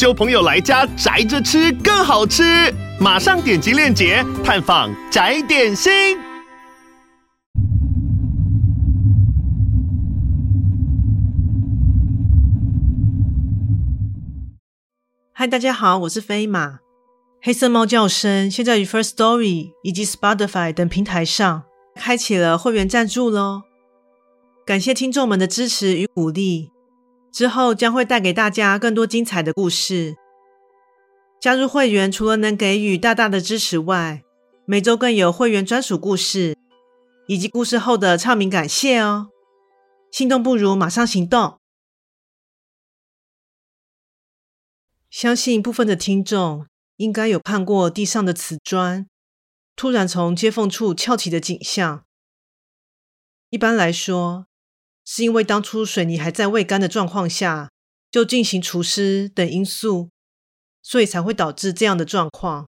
交朋友來家宅着吃更好吃，馬上點擊鏈接探訪宅點心。嗨，大家好，我是飛馬。黑色貓叫聲現在於 Firstory 以及 Spotify 等平台上開啟了會員贊助嘍，感謝聽眾們的支持與鼓勵。之後將會帶給大家更多精彩的故事。加入會員，除了能給予大大的支持外，每週更有會員專屬故事，以及故事後的唱名感謝哦。心動不如馬上行動。相信部分的聽眾應該有看過地上的瓷磚突然從接縫處翹起的景象。一般來說，是因為當初水泥還在未乾的狀況下，就進行除濕等因素，所以才會導致這樣的狀況。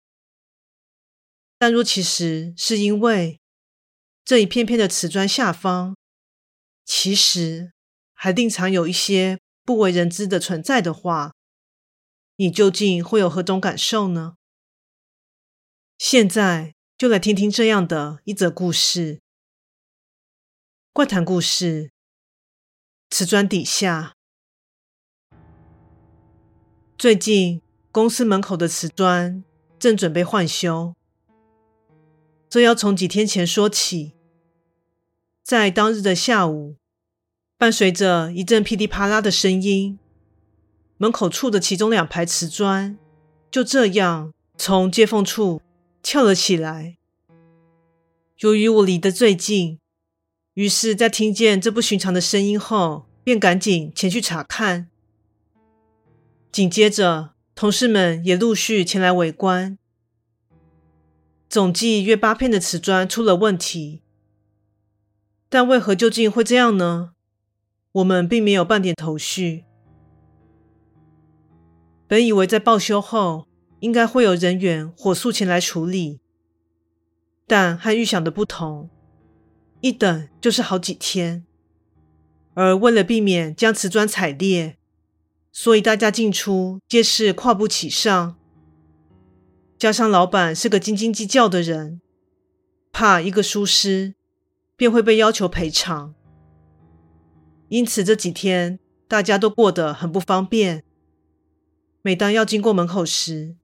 但若其實是因為這一片片的磁磚下方，其實還另藏有一些不為人知的存在的話，你究竟會有何種感受呢？現在就來聽聽這樣的一則故事——怪談故事。瓷磚底下，最近公司門口的瓷磚正準備換修，這要從幾天前說起。在當日的下午，伴隨着一陣噼裡啪啦的聲音，門口處的其中兩排瓷磚就這樣從接縫處翹了起來。由於我離得最近，於是在聽見這不尋常的聲音後，便趕緊前去查看，緊接着同事們也陸續前來圍觀。總計約八片的瓷磚出了問題，但為何究竟會這樣呢？我們並沒有半點頭緒。本以為在報修後應該會有人員火速前來處理，但和預想的不同，一等就是好幾天。而為了避免將磁磚踩裂，所以大家進出皆是跨步起上。加上老闆是個斤斤計較的人，怕一個疏失，便會被要求賠償。因此這幾天大家都過得很不方便。每當要經過門口時，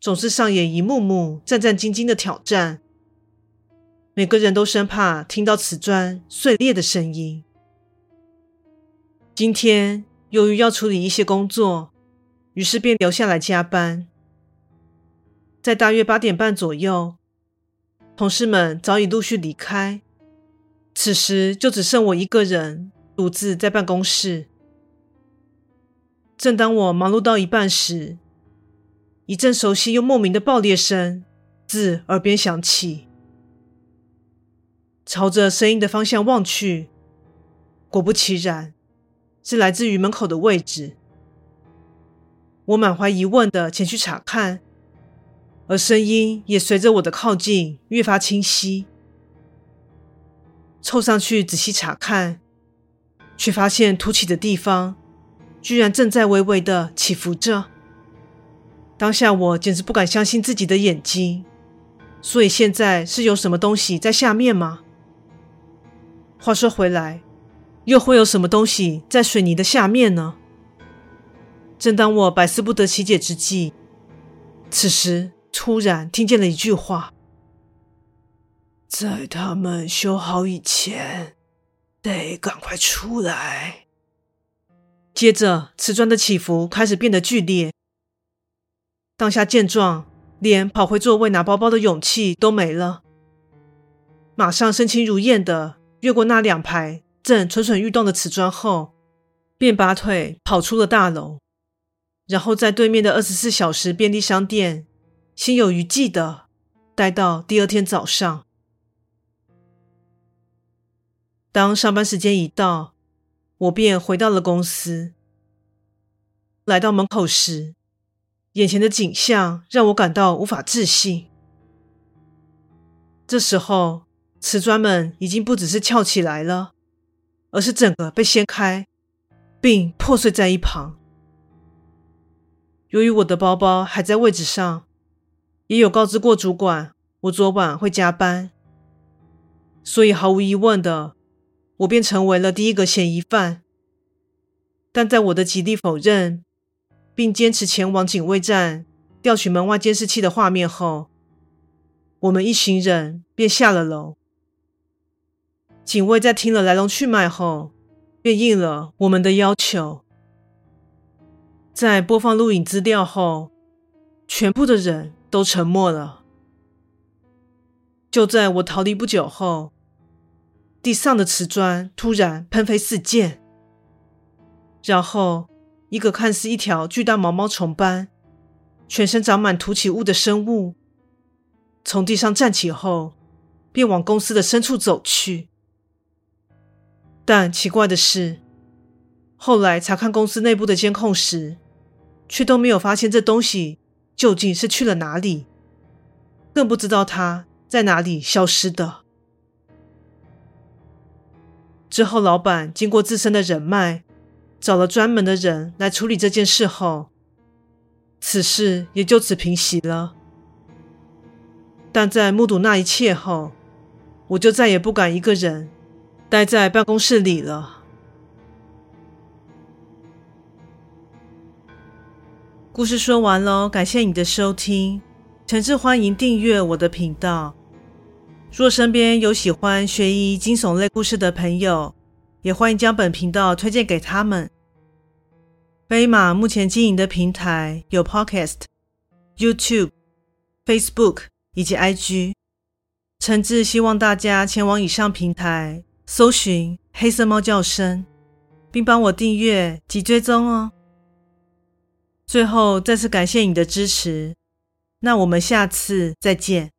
總是上演一幕幕戰戰兢兢的挑戰。每個人都生怕聽到磁磚碎裂的聲音。今天由於要處理一些工作，於是便留下來加班。在大約八點半左右，同事們早已陸續離開，此時就只剩我一個人獨自在辦公室。正當我忙碌到一半時，一陣熟悉又莫名的爆裂聲自耳邊響起。朝着聲音的方向望去，果不其然。是來自於門口的位置，我滿懷疑問的前去查看，而聲音也隨着我的靠近越發清晰。湊上去仔細查看，卻發現凸起的地方居然正在微微的起伏着。當下我簡直不敢相信自己的眼睛，所以現在是有什麼東西在下面嗎？話說回來，又會有什麼東西在水泥的下面呢？正當我百思不得其解之際，此時突然聽見了一句話：“在他們修好以前，得趕快出來。”接着，磁磚的起伏開始變得劇烈。當下見狀，連跑回座位拿包包的勇氣都沒了，馬上身輕如燕的越過那兩排。正蠢蠢欲動的瓷磚後，便拔腿跑出了大樓，然後在對面的二十四小時便利商店，心有餘悸的待到第二天早上。當上班時間一到，我便回到了公司。來到門口時，眼前的景象讓我感到無法置信。這時候，瓷磚們已經不只是翹起來了。而是整個被掀開，並破碎在一旁。由於我的包包還在位置上，也有告知過主管我昨晚會加班，所以毫無疑問的，我便成為了第一個嫌疑犯。但在我的極力否認，並堅持前往警衛站調取門外監視器的畫面後，我們一行人便下了樓。警衛在聽了來龍去脈後，便應了我們的要求。在播放錄影資料後，全部的人都沉默了。就在我逃離不久後，地上的瓷磚突然噴飛四濺，然後一個看似一條巨大毛毛蟲般、全身長滿凸起物的生物，從地上站起後，便往公司的深處走去。但奇怪的是，後來查看公司內部的監控時，卻都沒有發現這東西究竟是去了哪裡，更不知道它在哪裡消失的。之後，老闆經過自身的人脈，找了專門的人來處理這件事後，此事也就此平息了。但在目睹那一切後，我就再也不敢一個人待在辦公室裡了。故事說完咯，感謝你的收聽。誠摯歡迎訂閱我的頻道。若身邊有喜歡懸疑驚悚類故事的朋友，也歡迎將本頻道推薦給他們。飛馬目前經營的平台有 Podcast、YouTube、Facebook 以及 IG。誠摯希望大家前往以上平台。搜尋黑色貓叫聲，並幫我訂閱及追蹤哦。最後再次感謝你的支持，那我們下次再見。